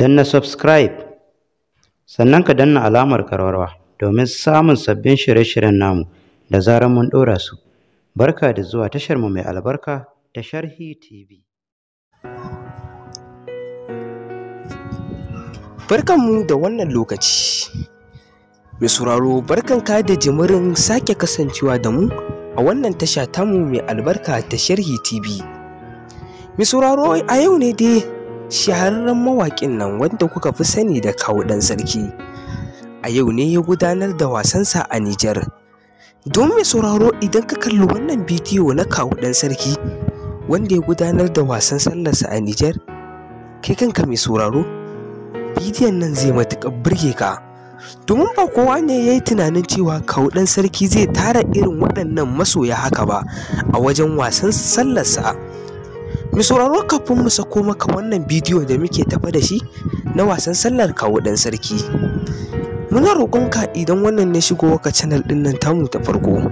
danna subscribe sannan ka danna alamar karwarwa domin samun sabbin shirye-shiryen namu da zarar mun ɗora su barka da zuwa tashar mu mai albarka ta sharhi tv barkanmu da wannan lokaci mai sauraro barkan ka da jimirin sake kasancewa da mu a wannan tasha tamu mai albarka ta sharhi tv mai sauraro a yau ne dai shahararren mawaƙin nan wanda kuka fi sani da kawo ɗan sarki a yau ne ya gudanar da wasansa a Nijar. Don mai sauraro idan ka kalli wannan bidiyo na kawo ɗan sarki wanda ya gudanar da wasan sallarsa a Nijar, kai kanka mai sauraro bidiyon nan zai matuƙar burge ka. Domin ba kowa ne ya yi tunanin cewa kawo ɗan sarki zai tara irin waɗannan masoya haka ba a wajen wasan sallarsa. Mu sauraro kafin mu sako maka wannan bidiyo da muke tafa da shi na wasan sallar kawo ɗan sarki. Muna roƙonka idan wannan ya shigo waka channel din nan tamu ta farko.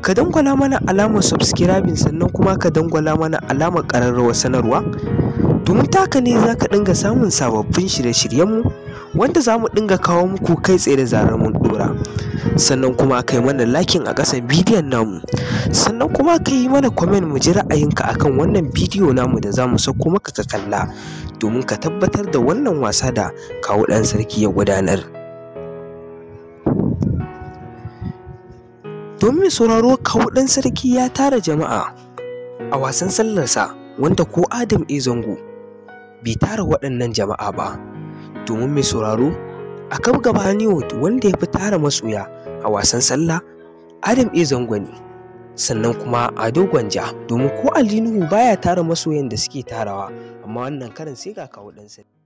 Ka dangwala mana alamar subscribing sannan kuma ka dangwala mana alamar ƙararrawar sanarwa domin taka ne za ka dinga samun sababbin shirye-shiryenmu wanda za mu dinga kawo muku kai tsaye da zarar mun dora sannan kuma ka yi mana lakin a ƙasan bidiyon namu sannan kuma ka yi mana kwamen mu ji ra'ayinka a kan wannan bidiyo namu da za mu sauko maka ka kalla domin ka tabbatar da wannan wasa da kawo ɗan sarki ya gudanar domin sauraro kawo ɗan sarki ya tara jama'a a wasan sallarsa wanda ko adam e zango bai tara waɗannan jama'a ba domin mai sauraro a kaf gaba Hollywood wanda ya fi tara masoya a wasan sallah Adam A Zangwani sannan kuma Ado Gwanja domin ko Alinuhu baya tara masoyan da suke tarawa amma wannan karin sai ga kawo ɗansa.